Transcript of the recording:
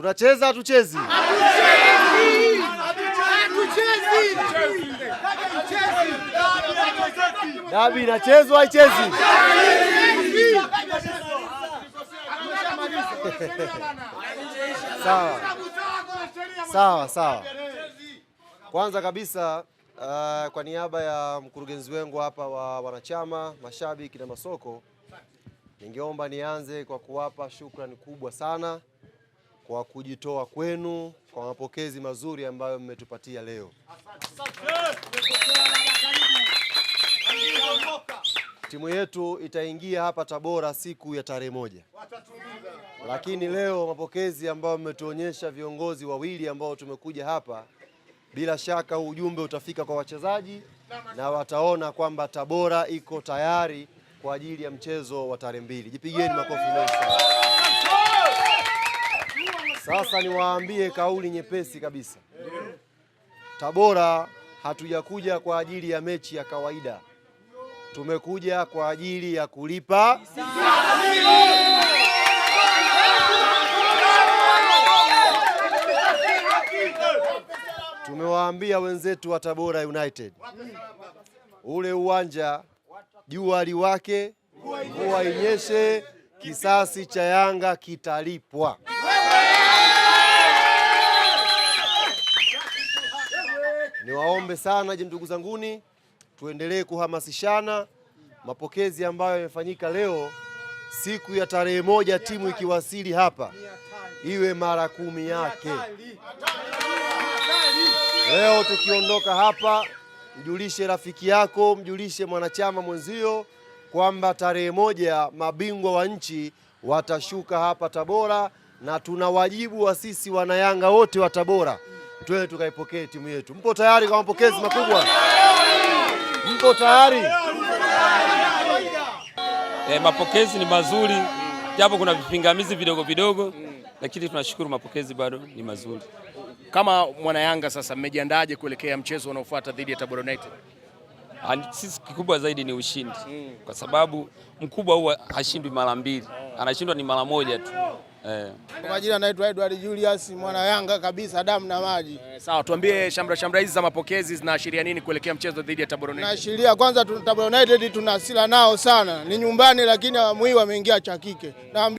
Tunacheza hatuchezi? Dabi inachezwa haichezi? Sawa sawa sawa. Kwanza kabisa uh, kwa niaba ya mkurugenzi wangu hapa wa wanachama, mashabiki na masoko, ningeomba nianze kwa kuwapa shukrani kubwa sana kwa kujitoa kwenu kwa mapokezi mazuri ambayo mmetupatia leo. Timu yetu itaingia hapa Tabora siku ya tarehe moja, lakini leo mapokezi ambayo mmetuonyesha viongozi wawili ambao tumekuja hapa, bila shaka ujumbe utafika kwa wachezaji na wataona kwamba Tabora iko tayari kwa ajili ya mchezo wa tarehe mbili. Jipigieni makofi mengi sana. Sasa niwaambie kauli nyepesi kabisa. Tabora hatujakuja kwa ajili ya mechi ya kawaida, tumekuja kwa ajili ya kulipa Tumewaambia wenzetu wa Tabora United, ule uwanja jua liwake, mvua inyeshe, kisasi cha Yanga kitalipwa. niwaombe sana je, ndugu zanguni, tuendelee kuhamasishana. Mapokezi ambayo yamefanyika leo siku ya tarehe moja, timu ikiwasili hapa iwe mara kumi yake. Leo tukiondoka hapa, mjulishe rafiki yako, mjulishe mwanachama mwenzio kwamba tarehe moja mabingwa wa nchi watashuka hapa Tabora, na tuna wajibu wa sisi wanayanga wote wa Tabora twende tukaipokee timu yetu. Mpo tayari kwa mapokezi makubwa? Mpo tayari? E, mapokezi ni mazuri japo kuna vipingamizi vidogo vidogo, lakini tunashukuru mapokezi bado ni mazuri. Kama mwana Yanga sasa, mmejiandaje kuelekea mchezo unaofuata dhidi ya Tabora United? Ah, sisi kikubwa zaidi ni ushindi, kwa sababu mkubwa huwa hashindwi mara mbili, anashindwa ni mara moja tu. Eh. Kwa majina naitwa Edward Julius mwana Yanga kabisa damu na maji. Eh, sawa, tuambie shamra shamra hizi za mapokezi zinaashiria nini kuelekea mchezo dhidi ya Tabora United? Naashiria kwanza Tabora United tuna hasira nao sana, ni nyumbani lakini hii wameingia cha kike.